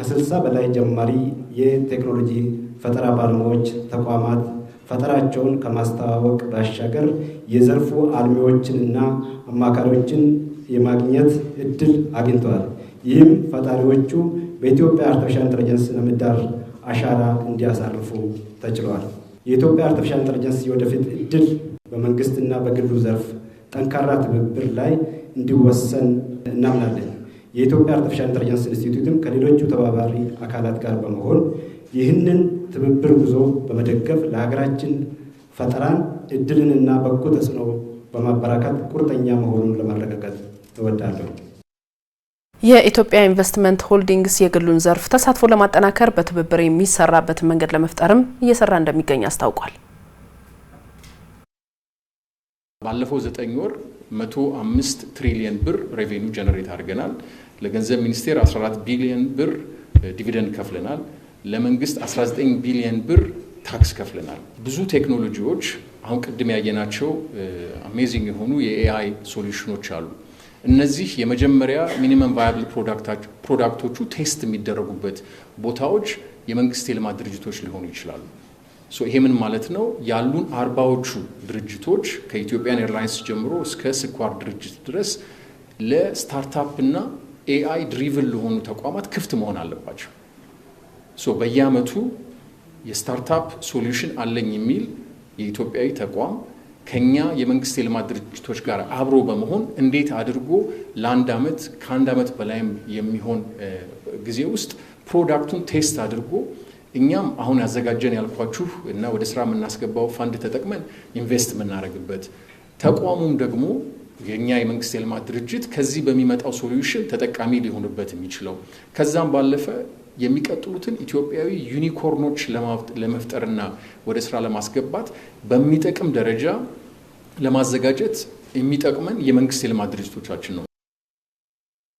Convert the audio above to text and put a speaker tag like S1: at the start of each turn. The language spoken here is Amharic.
S1: ከስልሳ በላይ ጀማሪ የቴክኖሎጂ ፈጠራ ባለሙያዎች ተቋማት ፈጠራቸውን ከማስተዋወቅ ባሻገር የዘርፉ አልሚዎችንና አማካሪዎችን የማግኘት እድል አግኝተዋል። ይህም ፈጣሪዎቹ በኢትዮጵያ አርቲፊሻል ኢንተለጀንስ ምህዳር አሻራ እንዲያሳርፉ ተችሏል። የኢትዮጵያ አርቲፊሻል ኢንተለጀንስ የወደፊት እድል በመንግስትና በግሉ ዘርፍ ጠንካራ ትብብር ላይ እንዲወሰን እናምናለን። የኢትዮጵያ አርቲፊሻል ኢንተለጀንስ ኢንስቲትዩትም ከሌሎቹ ተባባሪ አካላት ጋር በመሆን ይህንን ትብብር ጉዞ በመደገፍ ለሀገራችን ፈጠራን እድልንና በጎ ተጽዕኖ በማበራከት ቁርጠኛ መሆኑን ለማረጋገጥ እወዳለሁ።
S2: የኢትዮጵያ ኢንቨስትመንት ሆልዲንግስ የግሉን ዘርፍ ተሳትፎ ለማጠናከር በትብብር የሚሰራበትን መንገድ ለመፍጠርም እየሰራ እንደሚገኝ አስታውቋል።
S3: ባለፈው ዘጠኝ ወር 105 ትሪሊየን ብር ሬቬኒ ጀነሬት አድርገናል። ለገንዘብ ሚኒስቴር 14 ቢሊየን ብር ዲቪደንድ ከፍለናል። ለመንግስት 19 ቢሊየን ብር ታክስ ከፍለናል። ብዙ ቴክኖሎጂዎች አሁን ቅድም ያየናቸው አሜዚንግ የሆኑ የኤአይ ሶሉሽኖች አሉ። እነዚህ የመጀመሪያ ሚኒመም ቫያብል ፕሮዳክቶቹ ቴስት የሚደረጉበት ቦታዎች የመንግስት የልማት ድርጅቶች ሊሆኑ ይችላሉ። ይሄ ምን ማለት ነው? ያሉን አርባዎቹ ድርጅቶች ከኢትዮጵያን ኤርላይንስ ጀምሮ እስከ ስኳር ድርጅት ድረስ ለስታርታፕ ኤአይ ድሪቭን ለሆኑ ተቋማት ክፍት መሆን አለባቸው። ሶ በየአመቱ የስታርታፕ ሶሉሽን አለኝ የሚል የኢትዮጵያዊ ተቋም ከኛ የመንግስት የልማት ድርጅቶች ጋር አብሮ በመሆን እንዴት አድርጎ ለአንድ ዓመት ከአንድ ዓመት በላይም የሚሆን ጊዜ ውስጥ ፕሮዳክቱን ቴስት አድርጎ እኛም አሁን ያዘጋጀን ያልኳችሁ እና ወደ ስራ የምናስገባው ፋንድ ተጠቅመን ኢንቨስት የምናደርግበት ተቋሙም ደግሞ የእኛ የመንግስት የልማት ድርጅት ከዚህ በሚመጣው ሶሉሽን ተጠቃሚ ሊሆንበት የሚችለው ከዛም ባለፈ የሚቀጥሉትን ኢትዮጵያዊ ዩኒኮርኖች ለመፍጠርና ወደ ስራ ለማስገባት በሚጠቅም ደረጃ ለማዘጋጀት የሚጠቅመን የመንግስት የልማት ድርጅቶቻችን ነው።